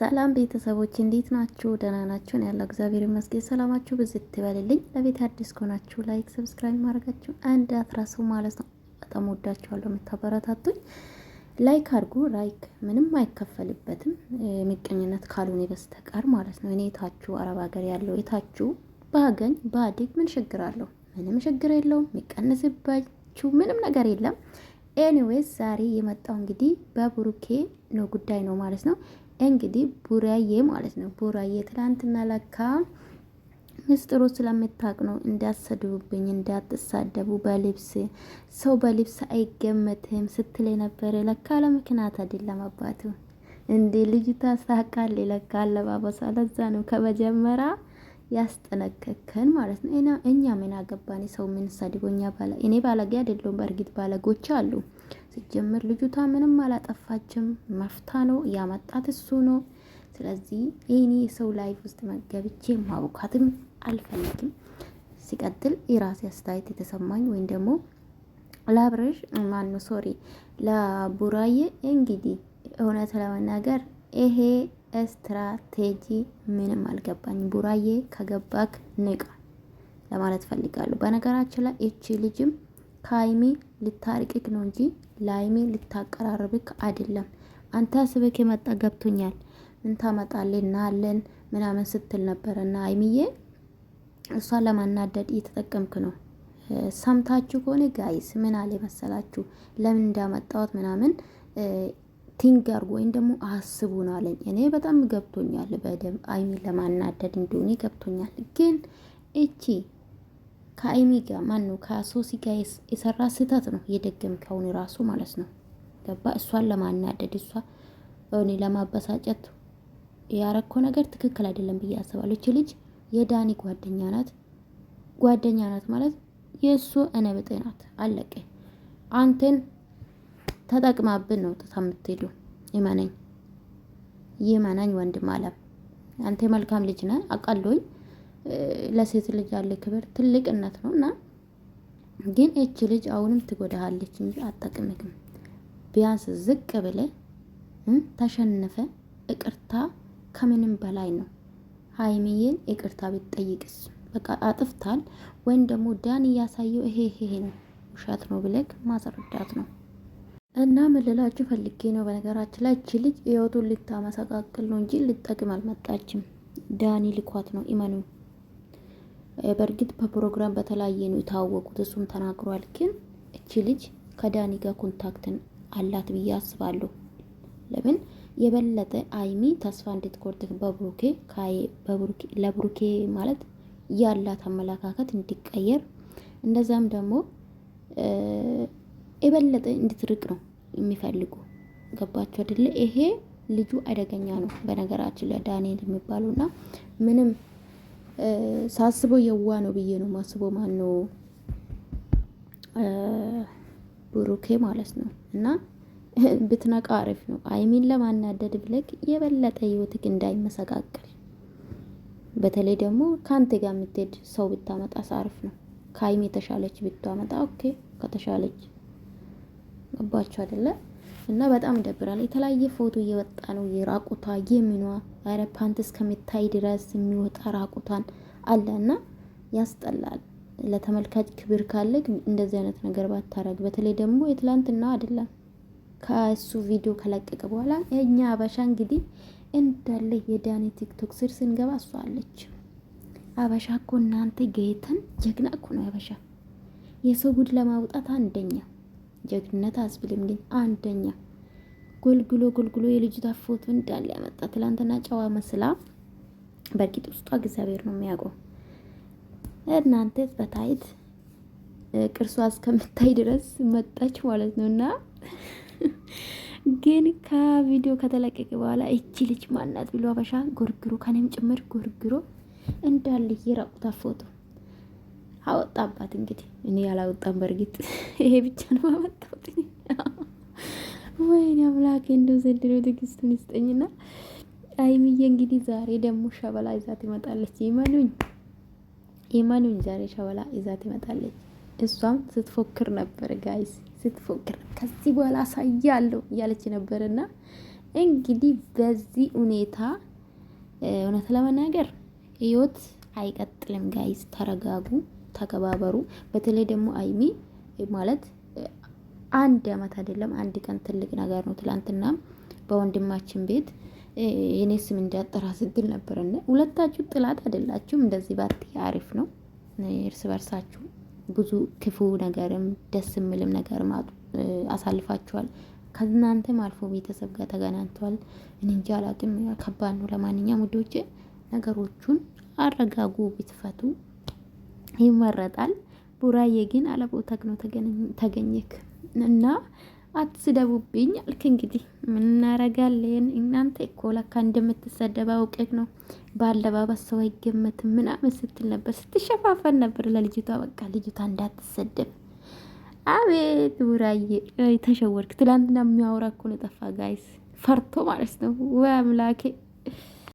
ሰላም ቤተሰቦች እንዴት ናችሁ? ደህና ናችሁ? እኔ ያለው እግዚአብሔር ይመስገን። ሰላማችሁ ብዝት ትበልልኝ። ለቤት አዲስ ከሆናችሁ ላይክ፣ ሰብስክራይብ ማድረጋችሁ እንዳትረሱ ማለት ነው። በጣም ወዳችኋለሁ የምታበረታቱኝ። ላይክ አድርጉ። ላይክ ምንም አይከፈልበትም ምቀኝነት ካልሆነ በስተቀር ማለት ነው። እኔ የታችሁ አረብ ሀገር ያለው የታችሁ ባገኝ ባድግ ምን ችግር አለው? ምንም ችግር የለውም። የሚቀንስባችሁ ምንም ነገር የለም። ኤኒዌይስ ዛሬ የመጣው እንግዲህ በብሩኬ ነው ጉዳይ ነው ማለት ነው። እንግዲህ ቡራዬ ማለት ነው። ቡራዬ ትናንትና ለካ ምስጢሩ ስለምታቅ ነው። እንዳትሰድቡብኝ፣ እንዳትሳደቡ በልብስ ሰው በልብስ አይገመትም ስትል የነበረ ለካ ለምክንያት አይደለም አባቱ እንዴ ልጅቷ ሳቃል ለካ አለባበሳ ለዛ ነው ከመጀመሪያ ያስጠነቀከን ማለት ነው። እኛ ምን አገባን? ሰው ምን ሰድቦኛ? ባለ እኔ ባለጌ አይደለሁም። በእርግጥ ባለጎች አሉ ሲጀምር ልጅቷ ምንም አላጠፋችም። መፍታ ነው ያመጣት እሱ ነው። ስለዚህ ይህኔ የሰው ላይፍ ውስጥ መገብቼ ማቡካትም አልፈልግም። ሲቀጥል የራሴ አስተያየት የተሰማኝ ወይም ደግሞ ለአብረሽ ማኑ ሶሪ ለቡራዬ እንግዲህ እውነት ለመናገር ይሄ ስትራቴጂ ምንም አልገባኝ። ቡራዬ ከገባክ ንቃ ለማለት ፈልጋሉ። በነገራችን ላይ እቺ ልጅም ከሀይሚ ልታርቅክ ነው እንጂ ለሀይሚ ልታቀራርብክ አይደለም። አንተ ስብክ የመጣ ገብቶኛል። ምን ታመጣለን እናለን ምናምን ስትል ነበረ እና አይሚዬ እሷ ለማናደድ እየተጠቀምክ ነው። ሰምታችሁ ከሆነ ጋይስ ምን አለ መሰላችሁ ለምን እንዳመጣሁት ምናምን ቲንግ አርጎ ወይም ደግሞ አስቡ ነው አለኝ። እኔ በጣም ገብቶኛል፣ በደንብ አይሚ ለማናደድ እንደሆነ ገብቶኛል። ግን እቺ ከአይሚ ጋር ማን ነው ከሶሲ ጋር የሰራ ስህተት ነው የደገምከውን ራሱ ማለት ነው። ገባ እሷን ለማናደድ እሷ እኔ ለማበሳጨት ያረከው ነገር ትክክል አይደለም ብዬ አስባለሁ። እቺ ልጅ የዳኒ ጓደኛ ናት። ጓደኛ ናት ማለት የእሱ እነብጤ ናት። አለቀ። አንተን ተጠቅማብን ነው ጥታ የምትሄዱ። ይመነኝ ይመናኝ ወንድም አለም አንተ መልካም ልጅ ነህ አውቃለሁኝ። ለሴት ልጅ ያለ ክብር ትልቅነት ነው እና ግን እች ልጅ አሁንም ትጎዳሃለች እንጂ አጠቅምክም። ቢያንስ ዝቅ ብለ ተሸነፈ እቅርታ ከምንም በላይ ነው። ሀይሚዬን እቅርታ ብትጠይቅስ በቃ አጥፍታል፣ ወይም ደግሞ ዳን እያሳየው ይሄ ይሄ ነው ውሸት ነው ብለክ ማስረዳት ነው። እና ምልላችሁ ፈልጌ ነው። በነገራችን ላይ እች ልጅ ህይወቱን ልታመሰቃቅል ነው እንጂ ልጠቅም አልመጣችም። ዳኒ ልኳት ነው ኢመኑ በእርግጥ በፕሮግራም በተለያየ ነው የታወቁት፣ እሱም ተናግሯል። ግን እቺ ልጅ ከዳኒ ጋር ኮንታክትን አላት ብዬ አስባለሁ። ለምን የበለጠ አይሚ ተስፋ እንድትቆርጥ በብሩኬ ለብሩኬ ማለት ያላት አመለካከት እንዲቀየር እንደዛም ደግሞ የበለጠ እንድትርቅ ነው የሚፈልጉ። ገባቸው አይደለ? ይሄ ልጁ አደገኛ ነው በነገራችን ለዳንኤል የሚባሉና ምንም ሳስበው የዋ ነው ብዬ ነው ማስበው። ማን ነው ብሩኬ ማለት ነው። እና ብትነቃ አሪፍ ነው። አይሚን ለማናደድ ብለክ የበለጠ ህይወትክ እንዳይመሰቃቀል በተለይ ደግሞ ከአንተ ጋር የምትሄድ ሰው ብታመጣ ሳርፍ ነው። ከአይሚ የተሻለች ብታመጣ ኦኬ፣ ከተሻለች ገባችሁ አይደለም። እና በጣም ይደብራል። የተለያየ ፎቶ እየወጣ ነው የራቁቷ የሚኗ አረ ፓንት እስከሚታይ ድረስ የሚወጣ ራቁቷን አለ እና ያስጠላል። ለተመልካች ክብር ካለ እንደዚህ አይነት ነገር ባታረግ። በተለይ ደግሞ የትላንትና አይደለም ከእሱ ቪዲዮ ከለቀቀ በኋላ እኛ አበሻ እንግዲህ እንዳለ የዳኒ ቲክቶክ ስር ስንገባ እሷ አለች። አበሻ እኮ እናንተ ጌትን ጀግና እኮ ነው አበሻ የሰው ጉድ ለማውጣት አንደኛ ጀግነት አስብልም። ግን አንደኛ ጎልግሎ ጎልግሎ የልጅቷ ፎቶ እንዳለ ያመጣ ትላንትና ጨዋ መስላ በእርግጥ ውስጧ እግዚአብሔር ነው የሚያውቀው። እናንተ በታይት ቅርሷ እስከምታይ ድረስ መጣች ማለት ነው። እና ግን ከቪዲዮ ከተለቀቀ በኋላ እቺ ልጅ ማናት ብሎ አበሻ ጎርግሮ ከኔም ጭምር ጎርግሮ እንዳለ የራቁታ ፎቶ አወጣባት። እንግዲህ እኔ ያላወጣን በእርግጥ ይሄ ብቻ ነው አመጣሁት። ወይኔ አምላኬ እንደው ዘንድሮ ትዕግስቱን ይስጠኝና አይምዬ እንግዲህ ዛሬ ደግሞ ሸበላ ይዛት ይመጣለች። ይመኑኝ ይመኑኝ፣ ዛሬ ሸበላ ይዛት ይመጣለች። እሷም ስትፎክር ነበር ጋይስ፣ ስትፎክር ከዚህ በኋላ አሳያለሁ እያለች ነበርና እንግዲህ በዚህ ሁኔታ እውነት ለመናገር ህይወት አይቀጥልም ጋይስ፣ ተረጋጉ። ተከባበሩ። በተለይ ደግሞ አይሚ ማለት አንድ አመት አይደለም አንድ ቀን ትልቅ ነገር ነው። ትላንትና በወንድማችን ቤት የኔ ስም እንዲያጠራ ስትል ነበርና ሁለታችሁ ጥላት አይደላችሁም። እንደዚህ ባት አሪፍ ነው። እርስ በርሳችሁ ብዙ ክፉ ነገርም ደስ የሚልም ነገርም አሳልፋችኋል። ከእናንተም አልፎ ቤተሰብ ጋር ተገናኝተዋል። እንጂ አላቅም፣ ከባድ ነው። ለማንኛውም ውዶቼ ነገሮቹን አረጋጉ፣ ብትፈቱ ይመረጣል። ቡራዬ ግን አለቦ ተግኖ ተገኘክ እና አትስደቡብኝ አልክ። እንግዲህ ምን እናረጋለን? እናንተ እኮ ለካ እንደምትሰደብ አውቄክ ነው በአለባበስ ሰው አይገመትም ምናምን ስትል ነበር፣ ስትሸፋፈን ነበር ለልጅቷ። በቃ ልጅቷ እንዳትሰደብ። አቤት ቡራዬ ተሸወርክ። ትላንትና የሚያወራ እኮ ነው ጠፋ። ጋይስ ፈርቶ ማለት ነው ወይ አምላኬ።